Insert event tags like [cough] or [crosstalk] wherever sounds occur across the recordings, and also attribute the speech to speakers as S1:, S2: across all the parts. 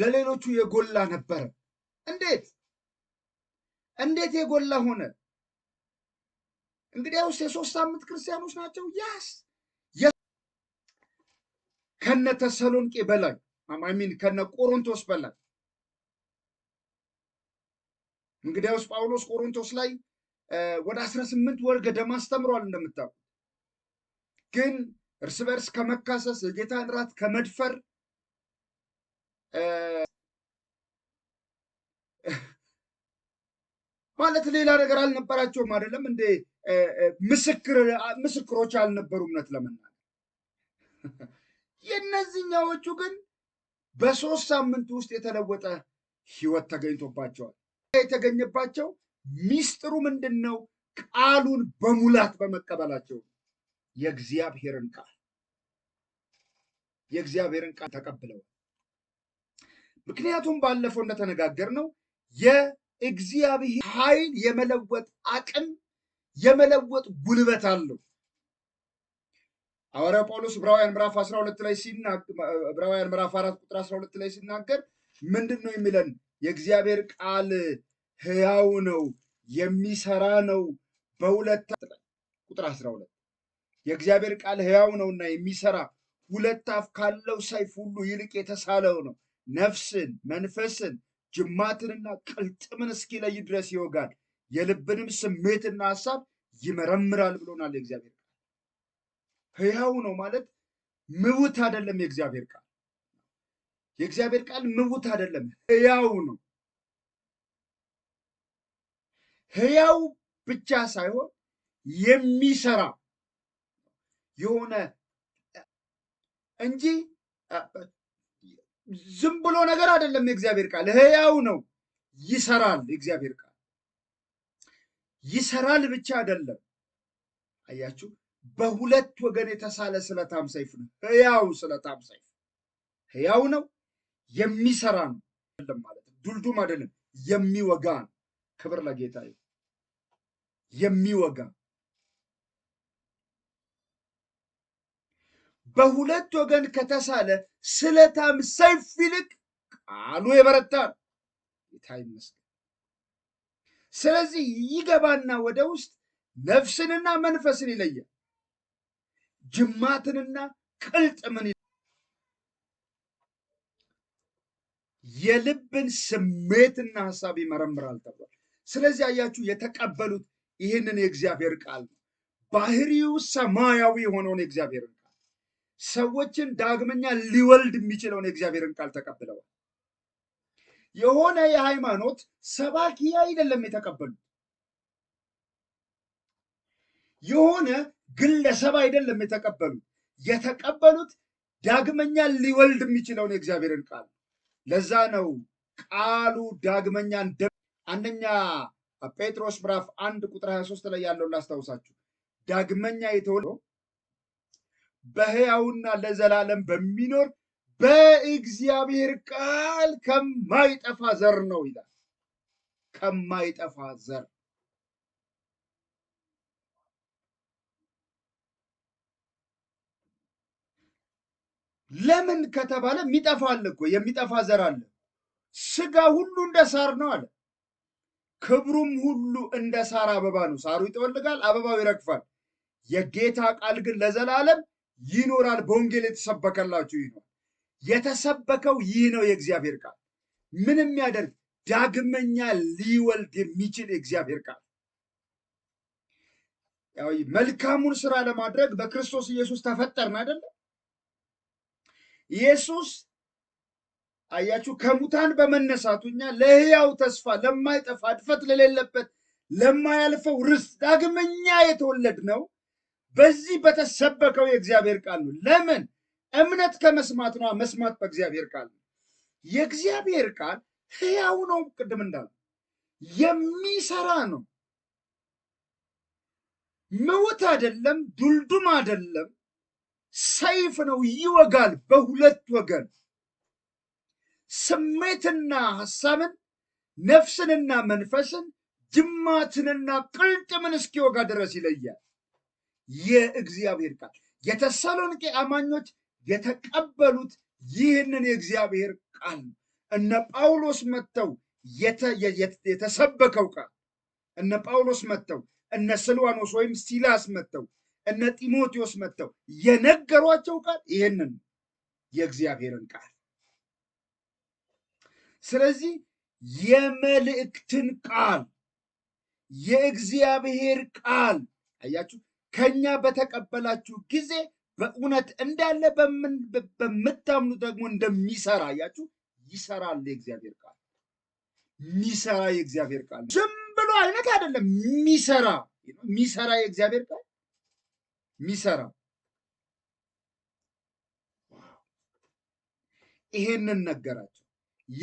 S1: ለሌሎቹ የጎላ ነበረ። እንዴት እንዴት የጎላ ሆነ? ውስጥ የሶስት ሳምንት ክርስቲያኖች ናቸው። ያስ ከነ ተሰሎንቄ በላይ አማሚን ከነ ቆሮንቶስ በላይ እንግዲያውስ ጳውሎስ ቆሮንቶስ ላይ ወደ አስራ ስምንት ወር ገደማ አስተምሯል። እንደምታውቁት ግን እርስ በርስ ከመካሰስ የጌታን ራት ከመድፈር ማለት ሌላ ነገር አልነበራቸውም። አይደለም እንዴ? ምስክሮች አልነበሩ። እምነት ለመናገር የእነዚህኛዎቹ ግን በሶስት ሳምንት ውስጥ የተለወጠ ህይወት ተገኝቶባቸዋል። የተገኘባቸው ሚስጥሩ ምንድን ነው? ቃሉን በሙላት በመቀበላቸው የእግዚአብሔርን ቃል የእግዚአብሔርን ቃል ተቀብለዋል። ምክንያቱም ባለፈው እንደተነጋገር ነው የእግዚአብሔር ኃይል የመለወጥ አቅም የመለወጥ ጉልበት አለው። ሐዋርያው ጳውሎስ ዕብራውያን ምዕራፍ 12 ላይ ሲናገር ዕብራውያን ምዕራፍ 4 ቁጥር 12 ላይ ሲናገር ምንድን ነው የሚለን? የእግዚአብሔር ቃል ሕያው ነው፣ የሚሰራ ነው። በሁለት ቁጥር 12 የእግዚአብሔር ቃል ሕያው ነውና የሚሰራ ሁለት አፍ ካለው ሰይፍ ሁሉ ይልቅ የተሳለው ነው ነፍስን፣ መንፈስን፣ ጅማትንና ቅልጥምን እስኪለይ ድረስ ይወጋል፣ የልብንም ስሜትና ሀሳብ ይመረምራል ብሎናል የእግዚአብሔር ቃል። ህያው ነው ማለት ምውት አይደለም። የእግዚአብሔር ቃል የእግዚአብሔር ቃል ምውት አይደለም፣ ህያው ነው። ህያው ብቻ ሳይሆን የሚሰራ የሆነ እንጂ ዝም ብሎ ነገር አይደለም። የእግዚአብሔር ቃል ህያው ነው፣ ይሰራል። የእግዚአብሔር ቃል ይሰራል ብቻ አይደለም። አያችሁ፣ በሁለት ወገን የተሳለ ስለታም ሰይፍ ነው። ህያው ስለታም ሰይፍ ህያው ነው፣ የሚሰራ ነው ማለት ነው። ዱልዱም አይደለም፣ የሚወጋ ነው። ክብር ለጌታ። የሚወጋ በሁለት ወገን ከተሳለ ስለታም ሰይፍ ይልቅ ቃሉ የበረታ ጌታ ይመስገን። ስለዚህ ይገባና ወደ ውስጥ ነፍስንና መንፈስን ይለያል፣ ጅማትንና ቅልጥምን የልብን ስሜትና ሀሳብ ይመረምራል ተብሏል። ስለዚህ አያችሁ የተቀበሉት ይህንን የእግዚአብሔር ቃል ነው። ባህሪው ሰማያዊ የሆነውን የእግዚአብሔር ሰዎችን ዳግመኛ ሊወልድ የሚችለውን የእግዚአብሔርን ቃል ተቀብለዋል። የሆነ የሃይማኖት ሰባኪ አይደለም የተቀበሉት። የሆነ ግለሰብ አይደለም የተቀበሉት። የተቀበሉት ዳግመኛ ሊወልድ የሚችለውን የእግዚአብሔርን ቃል። ለዛ ነው ቃሉ ዳግመኛ እንደ አንደኛ ጴጥሮስ ምዕራፍ አንድ ቁጥር 23 ላይ ያለውን ላስታውሳችሁ ዳግመኛ የተወለደው በሕያውና ለዘላለም በሚኖር በእግዚአብሔር ቃል ከማይጠፋ ዘር ነው ይላል። ከማይጠፋ ዘር ለምን ከተባለ የሚጠፋ አለ እኮ የሚጠፋ ዘር አለ። ስጋ ሁሉ እንደ ሳር ነው አለ። ክብሩም ሁሉ እንደ ሳር አበባ ነው። ሳሩ ይጠወልጋል፣ አበባው ይረግፋል። የጌታ ቃል ግን ለዘላለም ይኖራል። በወንጌል የተሰበከላችሁ ይኖር የተሰበከው ይህ ነው። የእግዚአብሔር ቃል ምን የሚያደርግ ዳግመኛ ሊወልድ የሚችል የእግዚአብሔር ቃል መልካሙን ስራ ለማድረግ በክርስቶስ ኢየሱስ ተፈጠርን አይደለም። ኢየሱስ አያችሁ ከሙታን በመነሳቱ እኛ ተስፋ ለማይጠፋ እድፈት ለሌለበት ለማያልፈው ርስት ዳግመኛ የተወለድ ነው። በዚህ በተሰበከው የእግዚአብሔር ቃል ነው። ለምን? እምነት ከመስማት ነው። መስማት በእግዚአብሔር ቃል ነው። የእግዚአብሔር ቃል ሕያው ነው። ቅድም እንዳለ የሚሰራ ነው። ምውት አይደለም፣ ዱልዱም አይደለም፣ ሰይፍ ነው። ይወጋል በሁለት ወገን ስሜትና ሐሳብን ነፍስንና መንፈስን ጅማትንና ቅልጥምን እስኪወጋ ድረስ ይለያል። የእግዚአብሔር ቃል የተሰሎንቄ አማኞች የተቀበሉት ይህንን የእግዚአብሔር ቃል ነው። እነ ጳውሎስ መጥተው የተሰበከው ቃል እነ ጳውሎስ መጥተው እነ ስልዋኖስ ወይም ሲላስ መጥተው እነ ጢሞቴዎስ መጥተው የነገሯቸው ቃል ይህንን የእግዚአብሔርን ቃል ስለዚህ የመልእክትን ቃል የእግዚአብሔር ቃል አያችሁ ከእኛ በተቀበላችሁ ጊዜ በእውነት እንዳለ በምታምኑ ደግሞ እንደሚሰራ እያችሁ ይሰራል። የእግዚአብሔር ቃል ሚሰራ የእግዚአብሔር ቃል ዝም ብሎ አይነት አይደለም። ሚሰራ ሚሰራ የእግዚአብሔር ቃል ሚሰራ ይሄንን ነገራቸው።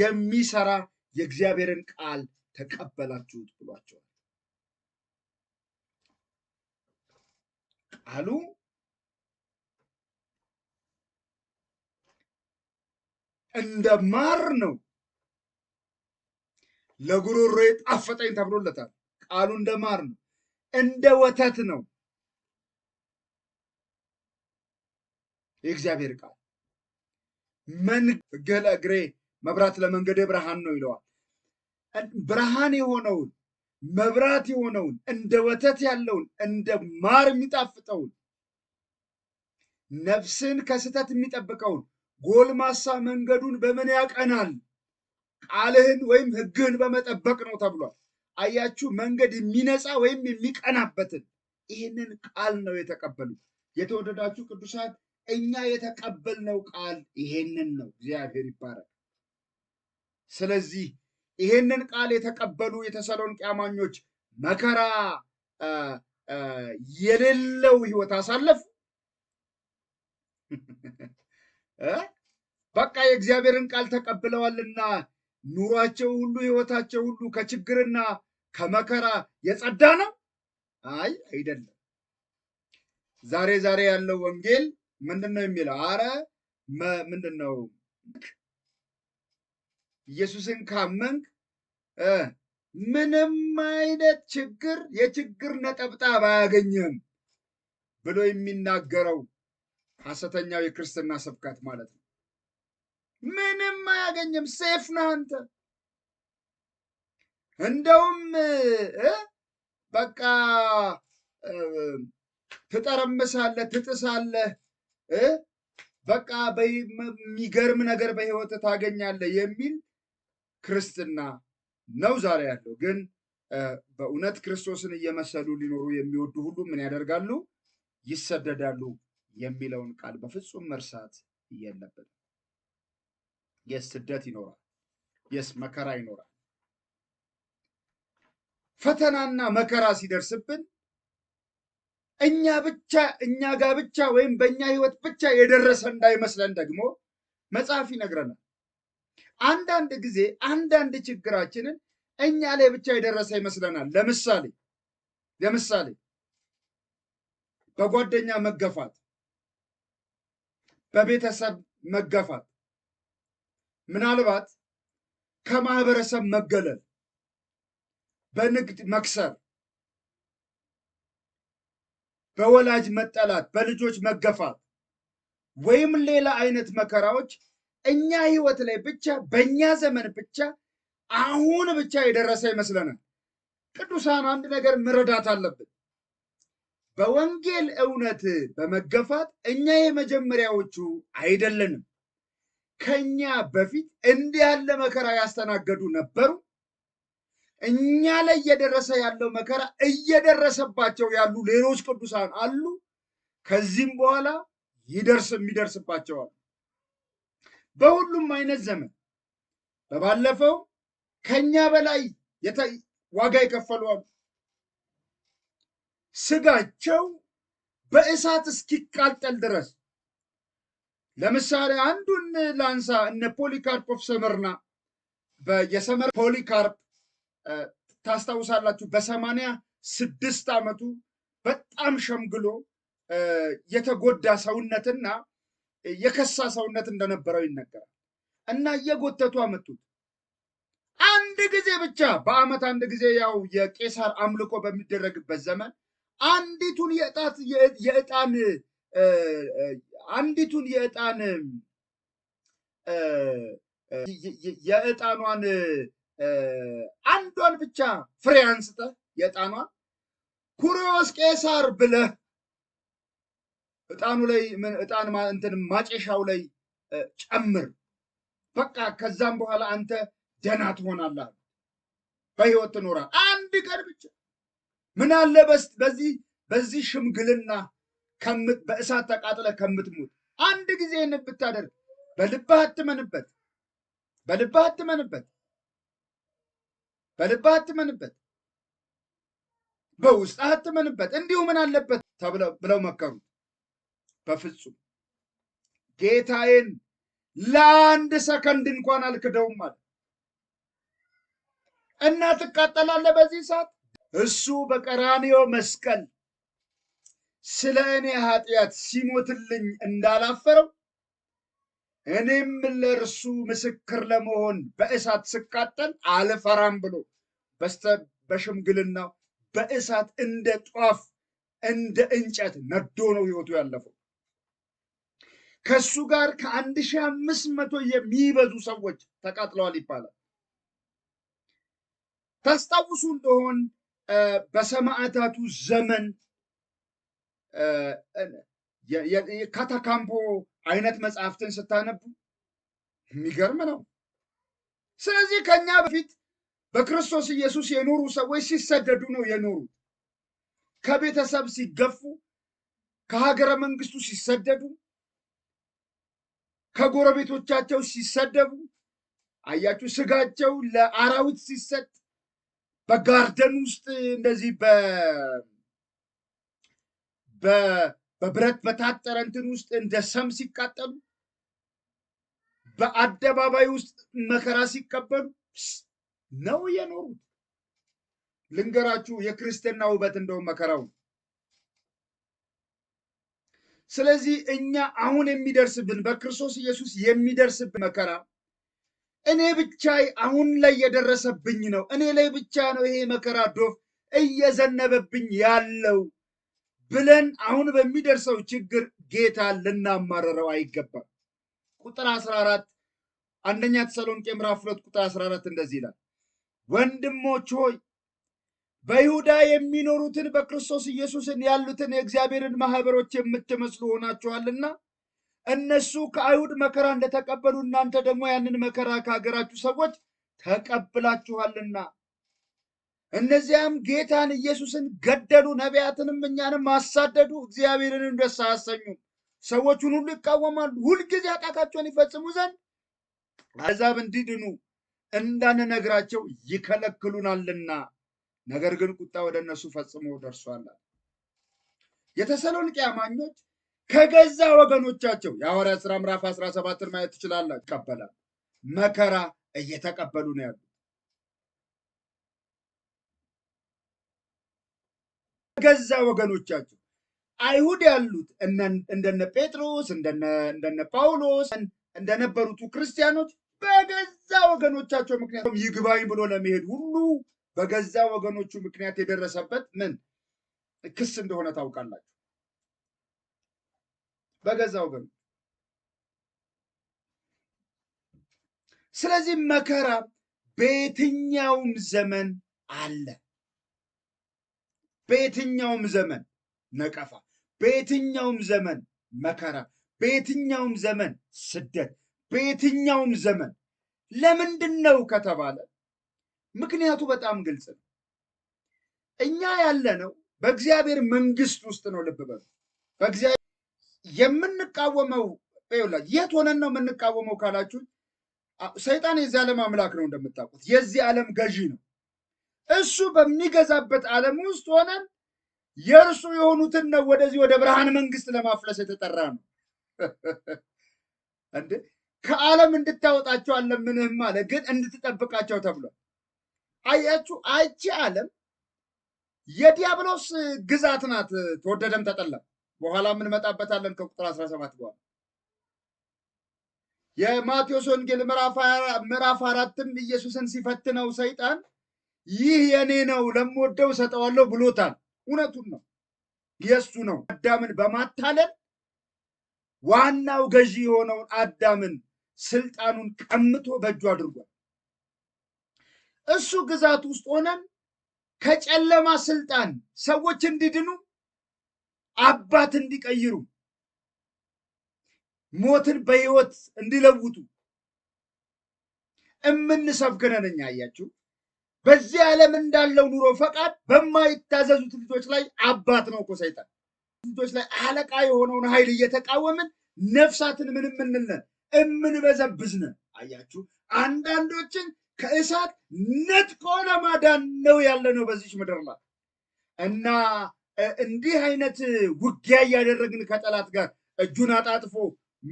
S1: የሚሰራ የእግዚአብሔርን ቃል ተቀበላችሁት ብሏቸዋል። ቃሉ እንደ ማር ነው፣ ለጉሮሮ ጣፈጠኝ ተብሎለታል። ቃሉ እንደ ማር ነው፣ እንደ ወተት ነው የእግዚአብሔር ቃል። መንገድ ለእግሬ መብራት፣ ለመንገዴ ብርሃን ነው ይለዋል። ብርሃን የሆነውን መብራት የሆነውን እንደ ወተት ያለውን እንደ ማር የሚጣፍጠውን ነፍስን ከስተት የሚጠብቀውን ጎልማሳ መንገዱን በምን ያቀናል? ቃልህን ወይም ሕግህን በመጠበቅ ነው ተብሏል። አያችሁ፣ መንገድ የሚነጻ ወይም የሚቀናበትን ይህንን ቃል ነው የተቀበሉት። የተወደዳችሁ ቅዱሳት፣ እኛ የተቀበልነው ቃል ይሄንን ነው። እግዚአብሔር ይባረክ። ስለዚህ ይሄንን ቃል የተቀበሉ የተሰሎንቄ አማኞች መከራ የሌለው ህይወት አሳለፉ። [laughs] በቃ የእግዚአብሔርን ቃል ተቀብለዋልና ኑሯቸው ሁሉ ህይወታቸው ሁሉ ከችግርና ከመከራ የጸዳ ነው? አይ አይደለም። ዛሬ ዛሬ ያለው ወንጌል ምንድን ነው የሚለው? አረ ምንድን ነው ኢየሱስን ካመንክ ምንም አይነት ችግር የችግር ነጠብጣብ አያገኝም ብሎ የሚናገረው ሐሰተኛው የክርስትና ስብከት ማለት ነው። ምንም አያገኘም፣ ሴፍ ነህ አንተ። እንደውም በቃ ትጠረምሳለህ፣ ትጥሳለህ፣ በቃ የሚገርም ነገር በህይወት ታገኛለህ የሚል ክርስትና ነው ዛሬ ያለው። ግን በእውነት ክርስቶስን እየመሰሉ ሊኖሩ የሚወዱ ሁሉ ምን ያደርጋሉ? ይሰደዳሉ የሚለውን ቃል በፍጹም መርሳት የለብንም። የስ ስደት ይኖራል፣ የስ መከራ ይኖራል። ፈተናና መከራ ሲደርስብን እኛ ብቻ እኛ ጋር ብቻ ወይም በእኛ ህይወት ብቻ የደረሰ እንዳይመስለን ደግሞ መጽሐፍ ይነግረናል። አንዳንድ ጊዜ አንዳንድ ችግራችንን እኛ ላይ ብቻ የደረሰ ይመስለናል። ለምሳሌ ለምሳሌ በጓደኛ መገፋት፣ በቤተሰብ መገፋት፣ ምናልባት ከማህበረሰብ መገለል፣ በንግድ መክሰር፣ በወላጅ መጠላት፣ በልጆች መገፋት ወይም ሌላ አይነት መከራዎች እኛ ህይወት ላይ ብቻ በእኛ ዘመን ብቻ አሁን ብቻ የደረሰ ይመስለናል። ቅዱሳን አንድ ነገር መረዳት አለብን። በወንጌል እውነት በመገፋት እኛ የመጀመሪያዎቹ አይደለንም። ከኛ በፊት እንዲህ ያለ መከራ ያስተናገዱ ነበሩ። እኛ ላይ እየደረሰ ያለው መከራ እየደረሰባቸው ያሉ ሌሎች ቅዱሳን አሉ። ከዚህም በኋላ ይደርስ የሚደርስባቸዋል። በሁሉም አይነት ዘመን በባለፈው ከኛ በላይ ዋጋ የከፈሉ አሉ። ስጋቸው በእሳት እስኪቃጠል ድረስ። ለምሳሌ አንዱን ላንሳ። እነ ፖሊካርፕ ኦፍ ሰመርና የሰመር ፖሊካርፕ ታስታውሳላችሁ። በሰማንያ ስድስት ዓመቱ በጣም ሸምግሎ የተጎዳ ሰውነትና የከሳ ሰውነት እንደነበረው ይነገራል እና እየጎተቱ አመጡት። አንድ ጊዜ ብቻ በአመት አንድ ጊዜ ያው የቄሳር አምልኮ በሚደረግበት ዘመን አንዲቱን የእጣት የእጣን አንዲቱን የእጣን የእጣኗን አንዷን ብቻ ፍሬ አንስተ የእጣኗን ኩሪዮስ ቄሳር ብለህ እጣኑ ላይ እጣን እንትን ማጨሻው ላይ ጨምር፣ በቃ ከዛም በኋላ አንተ ደህና ትሆናለህ፣ በህይወት ትኖራል። አንድ ቀን ብቻ ምን አለ በዚህ በዚህ ሽምግልና በእሳት ተቃጥለ ከምትሞት አንድ ጊዜ ይህንን ብታደርግ፣ በልብህ አትመንበት፣ በልብህ አትመንበት፣ በልብህ አትመንበት፣ በውስጥ አትመንበት፣ እንዲሁ ምን አለበት ተብለው ብለው መከሩት። በፍጹም ጌታዬን ለአንድ ሰከንድ እንኳን አልክደውም አለ እና ትቃጠላለህ በዚህ ሰዓት እሱ በቀራንዮ መስቀል ስለ እኔ ኃጢአት ሲሞትልኝ እንዳላፈረው እኔም ለእርሱ ምስክር ለመሆን በእሳት ስቃጠል አልፈራም ብሎ በስተ በሽምግልናው በእሳት እንደ ጧፍ እንደ እንጨት ነዶ ነው ህይወቱ ያለፈው። ከሱ ጋር ከአንድ ሺህ አምስት መቶ የሚበዙ ሰዎች ተቃጥለዋል ይባላል። ታስታውሱ እንደሆን በሰማዕታቱ ዘመን ከተካምፖ አይነት መጽሐፍትን ስታነቡ የሚገርም ነው። ስለዚህ ከኛ በፊት በክርስቶስ ኢየሱስ የኖሩ ሰዎች ሲሰደዱ ነው የኖሩት። ከቤተሰብ ሲገፉ፣ ከሀገረ መንግስቱ ሲሰደዱ ከጎረቤቶቻቸው ሲሰደቡ አያችሁ፣ ስጋቸው ለአራዊት ሲሰጥ በጋርደን ውስጥ እንደዚህ በብረት በታጠረ እንትን ውስጥ እንደ ሰም ሲቃጠሉ፣ በአደባባይ ውስጥ መከራ ሲቀበሉ ነው የኖሩት። ልንገራችሁ የክርስትና ውበት እንደውም መከራው ነው። ስለዚህ እኛ አሁን የሚደርስብን በክርስቶስ ኢየሱስ የሚደርስብን መከራ እኔ ብቻ አሁን ላይ የደረሰብኝ ነው፣ እኔ ላይ ብቻ ነው ይሄ መከራ ዶፍ እየዘነበብኝ ያለው ብለን አሁን በሚደርሰው ችግር ጌታ ልናማረረው አይገባም። ቁጥር 14 አንደኛ ተሰሎንቄ ምዕራፍ 2 ቁጥር 14 እንደዚህ ይላል፣ ወንድሞች ሆይ በይሁዳ የሚኖሩትን በክርስቶስ ኢየሱስን ያሉትን የእግዚአብሔርን ማህበሮች የምትመስሉ ሆናችኋልና እነሱ ከአይሁድ መከራ እንደተቀበሉ እናንተ ደግሞ ያንን መከራ ከሀገራችሁ ሰዎች ተቀብላችኋልና እነዚያም ጌታን ኢየሱስን ገደሉ፣ ነቢያትንም እኛንም አሳደዱ፣ እግዚአብሔርንም ደስ አያሰኙም። ሰዎቹን ሁሉ ይቃወማሉ፣ ሁልጊዜ አጣታቸውን ይፈጽሙ ዘንድ አሕዛብ እንዲድኑ እንዳንነግራቸው ይከለክሉናልና ነገር ግን ቁጣ ወደ እነሱ ፈጽሞ ደርሷል። የተሰሎንቄ አማኞች ከገዛ ወገኖቻቸው የሐዋርያት ስራ ምዕራፍ 17ን ማየት ትችላላችሁ። ይቀበላል መከራ እየተቀበሉ ነው ያሉት። ከገዛ ወገኖቻቸው አይሁድ ያሉት እንደነ ጴጥሮስ እንደነ ጳውሎስ እንደነበሩቱ ክርስቲያኖች በገዛ ወገኖቻቸው ምክንያቱም ይግባኝ ብሎ ለመሄድ ሁሉ በገዛ ወገኖቹ ምክንያት የደረሰበት ምን ክስ እንደሆነ ታውቃላችሁ። በገዛ ወገኑ ስለዚህ መከራ በየትኛውም ዘመን አለ። በየትኛውም ዘመን ነቀፋ፣ በየትኛውም ዘመን መከራ፣ በየትኛውም ዘመን ስደት፣ በየትኛውም ዘመን ለምንድን ነው ከተባለ ምክንያቱ በጣም ግልጽ ነው። እኛ ያለነው በእግዚአብሔር መንግስት ውስጥ ነው። ልብ በሉ። በእግዚአብሔር የምንቃወመው ይላ የት ሆነን ነው የምንቃወመው ካላችሁ፣ ሰይጣን የዚህ ዓለም አምላክ ነው እንደምታውቁት፣ የዚህ ዓለም ገዢ ነው። እሱ በሚገዛበት ዓለም ውስጥ ሆነን የእርሱ የሆኑትን ነው ወደዚህ ወደ ብርሃን መንግስት ለማፍለስ የተጠራ ነው። [laughs] እንደ ከዓለም እንድታወጣቸው አለምንህም አለ፣ ግን እንድትጠብቃቸው ተብሏል። አያችሁ፣ አይቺ ዓለም የዲያብሎስ ግዛት ናት። ተወደደም ተጠላም በኋላ እንመጣበታለን። ከቁጥር 17 በኋላ የማቴዎስ ወንጌል ምዕራፍ አራትም ኢየሱስን ሲፈትነው ሰይጣን ይህ የኔ ነው ለምወደው ሰጠዋለሁ ብሎታል። እውነቱን ነው፣ የእሱ ነው። አዳምን በማታለል ዋናው ገዢ የሆነውን አዳምን ስልጣኑን ቀምቶ በእጁ አድርጓል። እሱ ግዛት ውስጥ ሆነን ከጨለማ ስልጣን ሰዎች እንዲድኑ አባት እንዲቀይሩ ሞትን በህይወት እንዲለውጡ እምንሰብክ እኛ። አያችሁ፣ በዚህ ዓለም እንዳለው ኑሮ ፈቃድ በማይታዘዙት ልጆች ላይ አባት ነው እኮ ሰይጣን። ልጆች ላይ አለቃ የሆነውን ኃይል እየተቃወምን ነፍሳትን ምን የምንለን እምንበዘብዝነን። አያችሁ አንዳንዶችን ከእሳት ነጥቆ ለማዳን ነው ያለ ነው በዚች ምድር ላይ እና እንዲህ አይነት ውጊያ እያደረግን ከጠላት ጋር እጁን አጣጥፎ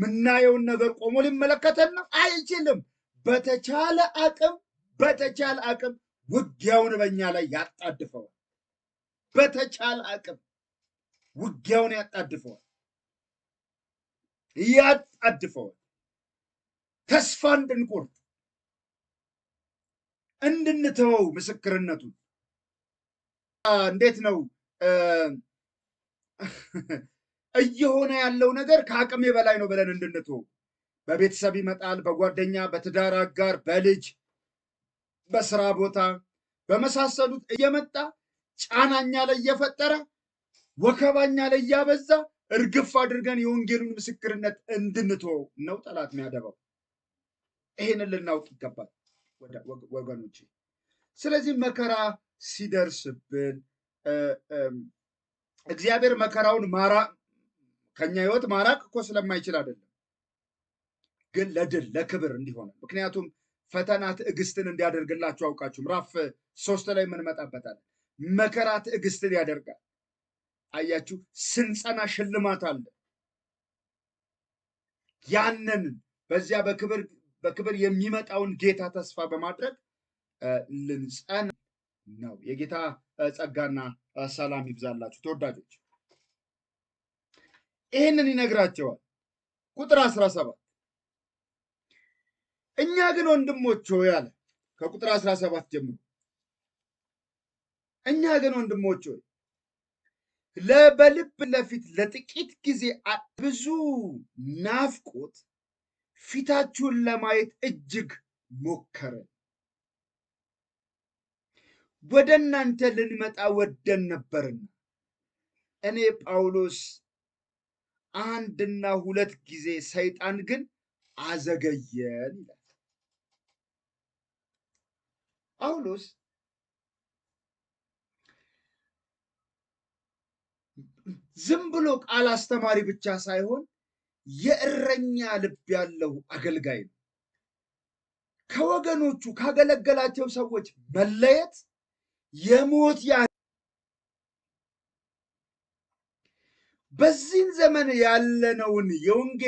S1: ምናየውን ነገር ቆሞ ሊመለከተን አይችልም። በተቻለ አቅም በተቻለ አቅም ውጊያውን በእኛ ላይ ያጣድፈዋል። በተቻለ አቅም ውጊያውን ያጣድፈዋል ያጣድፈዋል ተስፋ እንድንቆርጥ እንድንተወው ምስክርነቱን እንዴት ነው እየሆነ ያለው ነገር ከአቅሜ በላይ ነው ብለን እንድንተወው በቤተሰብ ይመጣል፣ በጓደኛ፣ በትዳር አጋር፣ በልጅ፣ በስራ ቦታ በመሳሰሉት እየመጣ ጫናኛ ላይ እየፈጠረ ወከባኛ ላይ እያበዛ እርግፍ አድርገን የወንጌሉን ምስክርነት እንድንቶ ነው ጠላት የሚያደባው። ይህንን ልናውቅ ይገባል። ወገኖቼ። ስለዚህ መከራ ሲደርስብን እግዚአብሔር መከራውን ማራ ከኛ ህይወት ማራቅ እኮ ስለማይችል አይደለም፣ ግን ለድል ለክብር እንዲሆነ ምክንያቱም ፈተና ትዕግስትን እንዲያደርግላችሁ አውቃችሁ ምዕራፍ ሶስት ላይ የምንመጣበታለን። መከራ ትዕግስትን ያደርጋል። አያችሁ፣ ስንጸና ሽልማት አለ። ያንን በዚያ በክብር በክብር የሚመጣውን ጌታ ተስፋ በማድረግ ልንጸን ነው። የጌታ ጸጋና ሰላም ይብዛላችሁ ተወዳጆች። ይህንን ይነግራቸዋል። ቁጥር አስራ ሰባት እኛ ግን ወንድሞች ሆይ አለ ከቁጥር አስራ ሰባት ጀምሮ እኛ ግን ወንድሞች ሆይ በልብ ለፊት ለጥቂት ጊዜ ብዙ ናፍቆት ፊታችሁን ለማየት እጅግ ሞከርን። ወደ እናንተ ልንመጣ ወደን ነበርና እኔ ጳውሎስ አንድና ሁለት ጊዜ ሰይጣን ግን አዘገየን ይላል ጳውሎስ። ዝም ብሎ ቃል አስተማሪ ብቻ ሳይሆን የእረኛ ልብ ያለው አገልጋይ ነው። ከወገኖቹ ካገለገላቸው ሰዎች መለየት የሞት ያ በዚህን ዘመን ያለነውን የወንጌል